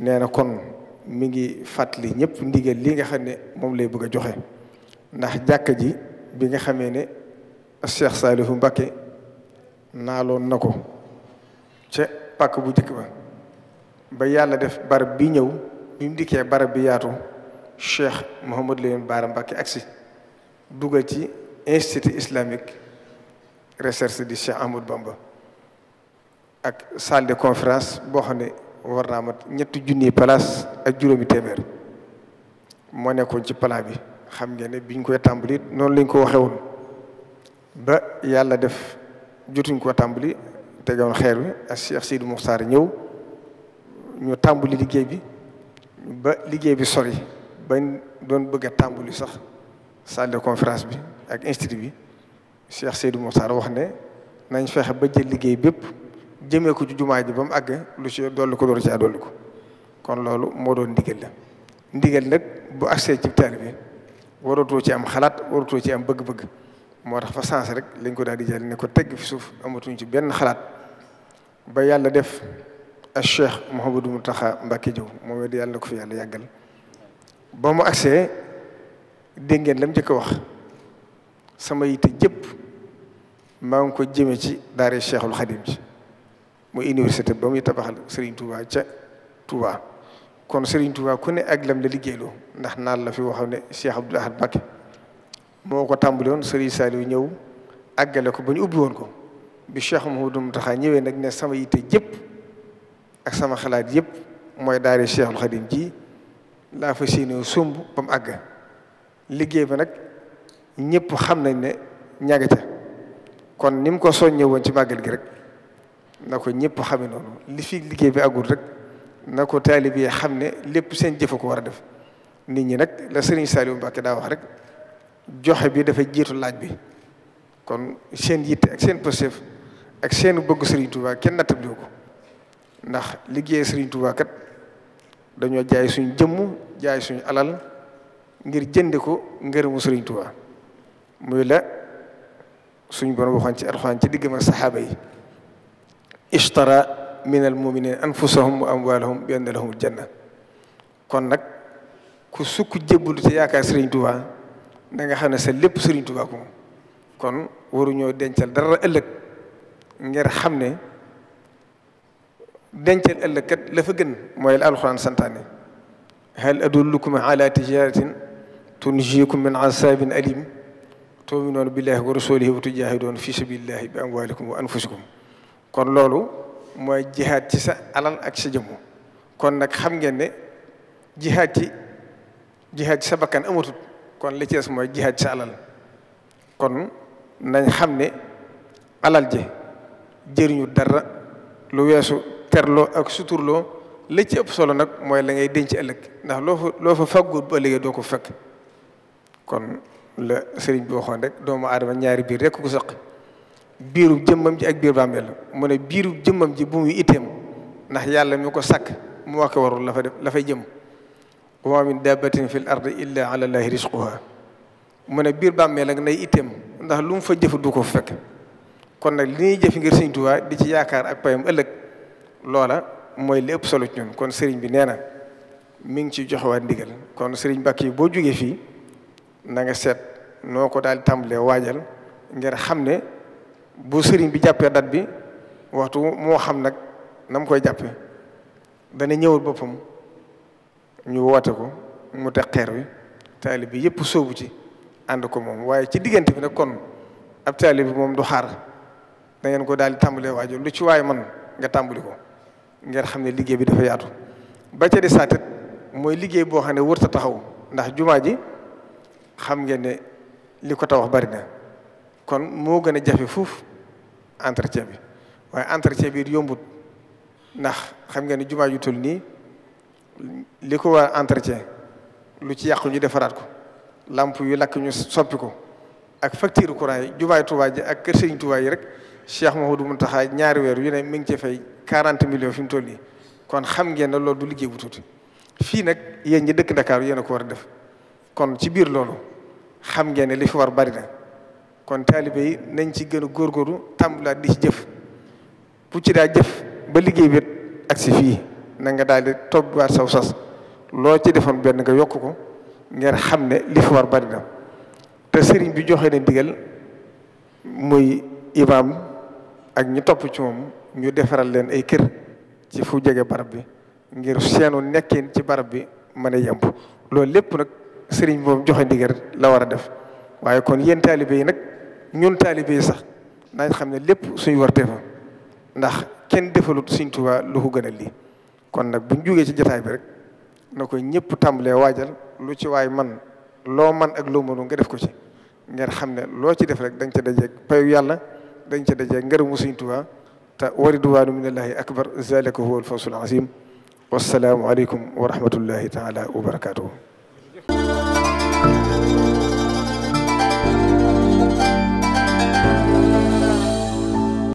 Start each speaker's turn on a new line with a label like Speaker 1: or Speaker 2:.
Speaker 1: nee na kon mi ngi fàttali ñëpp ndigal li nga xam ne moom lay bëgg joxe ndax jàkka ji bi nga xamee ne Cheikh Saliou Mbacké naaloon na ko ca pàkk bu njëkk ba ba yàlla def barab bi ñëw bi mu barab bi yaatu Cheikh Mouhamadou Lamine Bara Mbacké agsi dugal ci institut islamique recherche di Cheikh Ahmadou Bamba ak salle de conférence boo xam ne war naa mat ñetti junni place ak juróomi téeméer moo nekkoon ci plan bi xam ngeen ne biñ koy tàmbali noonu lañ ko waxee woon ba yàlla def jotuñ koo tàmbali tegoon xeer wi ak Cheikh Sidou Moukhtar ñëw ñu tàmbali liggéey bi ba liggéey bi sori ba doon bëgg a tàmbali sax salle de conférence bi ak institut bi Cheikh Sidou Moukhtar wax ne nañ fexe ba jël liggéey bépp jëmee ko ci jumaa ji ba mu àgg lu ci dolli ko door ci dolli ko kon loolu moo doon ndigal la ndigal nag bu agsee ci taalibe bi waratoo ci am xalaat waratoo ci am bëgg-bëgg moo tax fa sens rek lañ ko daal di jël ne ko tegg fi suuf amatuñ ci benn xalaat ba yàlla def a Cheikh Mouhamadou Mountakha Mbacké Diop moom it yàlla na ko fi yàlla yàggal ba mu agsee dégg ngeen la mu njëkk wax sama yitte jëpp maa ngi ko jëme ci daara Cheikhul Khadim ci mooy université ba muy tabaxal Serigne Touba ca Touba kon Serigne Touba ku ne ak lam la liggéeyloo ndax naan la fi waxam ne Cheikh Abdoul Ahad Mbacké moo ko tàmbali woon Serigne Saliou ñëw àggale ko ba ñu ubbi woon ko bi Cheikh Mouhamadou Mountakha ñëwee nag ne sama yitte yëpp ak sama xalaat yëpp mooy daare Cheikhul Khadim ji laa fa séenoo sumb ba mu àgg liggéey bi nag ñëpp xam nañ ne ñaga kon ni mu ko soññee woon ci màggal gi rek. na ko ñëpp xame noonu li fi liggéey bi àggul rek na ko taalib yi xam ne lépp seen jëfa ko war a def nit ñi nag la Serigne Saliou Mbacké daa wax rek joxe bi dafa jiitu laaj bi kon seen yitte ak seen pësef ak seen bëgg Serigne Touba kenn nattab ko ndax liggéey Serigne Touba kat dañoo jaay suñ jëmmu jaay suñu alal ngir jënd ko ngërëmu Serigne Touba muy la suñ borom waxoon ci alxuraan ci diggam ak saxaaba yi اشترى من المؤمنين انفسهم واموالهم بان لهم الجنه كون نك كو سوك جيبول تي ياكار سيرن توبا داغا خانا سا ليب سيرن توبا كو كون ورو ньо دنتال دار الك غير خامني دنتال الك كات لا فا گن موي القران سانتاني هل ادلكم على تجاره تنجيكم من عذاب اليم تؤمنون بالله ورسوله وتجاهدون في سبيل الله باموالكم وانفسكم kon loolu mooy jihaad ci sa alal ak sa jëmm kon nag xam ngeen ne jihaad ci jihaad ci sa bakkan amatut kon li ci des mooy jihaad ci sa kon nañ xam ne alal ji jëriñu dara lu weesu terloo ak suturloo li ci ëpp solo nag mooy la ngay denc ëllëg ndax loo fa loo fa faggoot bu doo ko fekk kon la sëriñ boo xoon rek doomu aadama ñaari biir rek ko saq biru jemam ji ak biir bàmmeelam mu ne biirub jëmmam ji bu muy itteem ndax yàlla mi ko sak moo ko warul la fa def la fay jëm wa min dabbatin fil ardi illa ala llahi risquha mu ne biir bàmmeel ak nay itteem ndax lu mu fa jëf du ko fekk kon nag li ñuy jëf ngir sëñ Tuubaa di ci yaakaar ak payam ëllëg lola mooy li solo ci ñun kon sëriñ bi nee mi ngi ci joxewaat ndigal kon sëriñ Mbàkke na nga ko daal tàmbalee ngir xam bu sëriñ bi jàppee dat bi waxtu moo xam nag na koy jàppe dana ñëwal boppam ñu woote ko mu teg xeer wi taalib bi yëpp sóobu ci ànd ko moom waaye ci diggante bi nag kon ab taalib bi moom du xaar da ngeen ko daal di tàmbalee waajo lu ci waay man nga tàmbali ko ngeen xam ne liggéey bi dafa yaatu ba ca di mooy liggéey boo xam ne wërta taxaw ndax jumaa ji xam ngeen ne li ko tax wax bari na kon moo gën a jafe fuuf entretien bi waaye entretien bi yombut ndax xam nga ni jumaa ju toll nii li ko war entretien lu ci yàqu ñu defaraat ko lamp yi lakk ñu soppi ko ak facture courant yi jumaay Tuubaa ji ak kër Sëriñ Tuubaa yi rek Cheikh Mouhamadou Mountakha ñaari weer yu ne mi ngi ci fay 40 millions fi mu toll nii kon xam ngeen ne loolu du liggéey bu tuuti fii nag yéen ñi dëkk Dakar yéen a ko war a def kon ci biir loolu xam ngeen ne li fi war bari na kon taalibe yi nañ ci gën a góorgóorlu tàmbulaat di ci jëf bu ci daa jëf ba liggéey bi ak si fii na nga daal di tobbaat saw sas loo ci defoon benn nga yokk ko ngir xam ne li fi war bari na te sëriñ bi joxe na ndigal muy imaam ak ñi topp ci moom ñu defaral leen ay kër ci fu jege barab bi ngir seenu nekkin ci barab bi mën a yemb loolu lépp nag sëriñ bi moom joxe ndigal la war a def waaye kon yéen taalibe yi nag ñun taalibe yi sax nañ xam ne lépp suñu wartee fa ndax kenn defalut Sëriñ Tuubaa lu ko gën a lii kon nag buñ jógee ci jataay bi rek na ko ñëpp tàmbalee waajal lu ci waay man loo man ak loo mënu nga def ko ci ngeen xam ne loo ci def rek dañ ca dajeeg payu yàlla dañ ca dajeeg ngërëmu suñ Tuubaa te wa ridwaanu minallaahi akbar zalika huwa alfawsul azim wassalaamu aleykum wa rahmatullahi taala wa barakatuhu